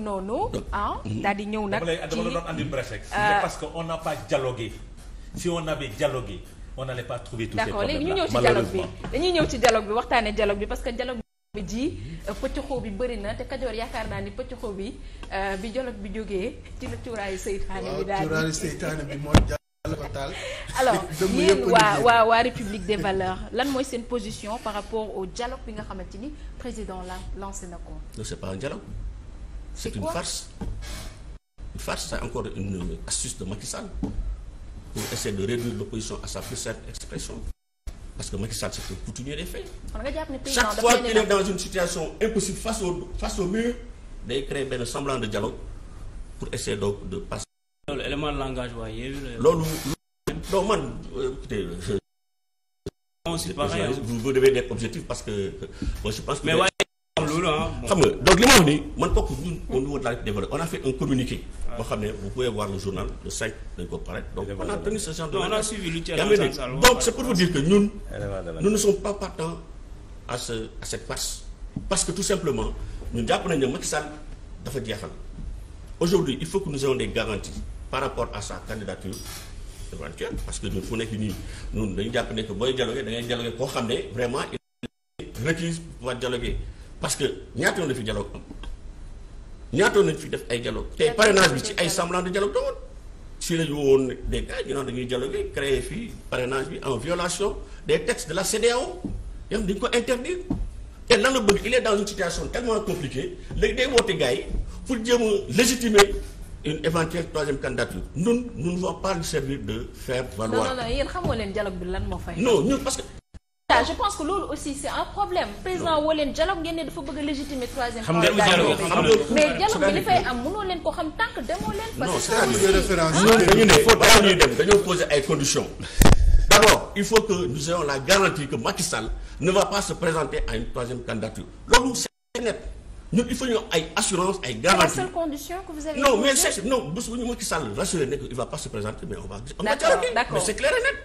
noonu ah mm-hmm. daal di ñëw nag ci dama la doon andi prétexte euh, c'est parce que on n'a pas dialogué si on avait dialogué on n'allait pas trouver tous ces problèmes léegi ñu ñëw ci dialogue bi dañuy ñëw ci dialogue bi waxtaanee dialogue bi parce que dialogue bi ji euh, pëccxoo bi bëri na te Kajoor yaakaar naa ni pëccxoo bi euh, bi dialogue bi jógee ci la cuuraayu seytaane bi daal cuuraayu seytaane bi moo alors waa waa waa République des valeurs lan mooy seen position par rapport au dialogue bi nga xamante ni président la lancé na ko. non c'est c'est une farce une farce c'est encore une astuce de Macky Sall pour essayer de réduire l'opposition à sa plus simple expression parce que Macky c'est un coutumier des chaque fois qu'il est dans une situation impossible face au face au créer benn semblant de dialogue pour essayer donc de passer loolu élément de langage vous devez être objectif parce que euh, moi je pense que xam loolu ah. xam nga donc li ma wax man bokk ñun au niveau de la développé a fait un communiqué. boo xam ne vous pouvez voir le journal le 5 dañ ko pare donc c'est pour vous dire que ñun. nous ne sommes pas partants à ce à parce que tout simplement ñun jàpp nañ ne Macky Sall dafa jeexal aujourd'hui il faut que nous ayons des garanties par rapport à sa candidature. éventuelle parce que ñun fu nekk nii ñun dañu jàpp ne que booy dialoguer da ngay dialoguer koo xam ne vraiment il est requis pour pouvoir parce que ñaata yoon la fi dialogue am ñaata yoon lañ def ay dialogue te parrainage bi ci ay semblant de dialogue doon si la ñu woon des gars ñu naan dañuy dialoguer créer fii parrainage bi en violation des textes de la CEDEAO yow dañ ko interdire te lan bëgg il est dans une situation tellement compliquée léegi day woote gars yi pour jéem a légitimer une éventuelle troisième candidature ñun nous ne va pas nous servir de faire valoir. non non yéen xamoo leen dialogue bi lan moo fay. non ñun parce je pense que loolu aussi c'est un problème président woo leen dialogue ngeen ne dafa bëgg a légitimer troisième candidat mais dialogue bi li fay am mënoo leen ko xam tant que demoo leen fa dañu ne balaa ñuy dem dañoo poser ay conditions d'abord il faut que nous ayons la garantie que Macky Sall ne va pas se présenter à une troisième candidature loolu c'est net ñun il faut ñu ay assurance ay garantie. c'est la seule condition que vous avez. non mais c'est non bés bu ñu Macky Sall rassuré ne il va pas se présenter mais on va. d'accord d'accord mais c'est clair et net.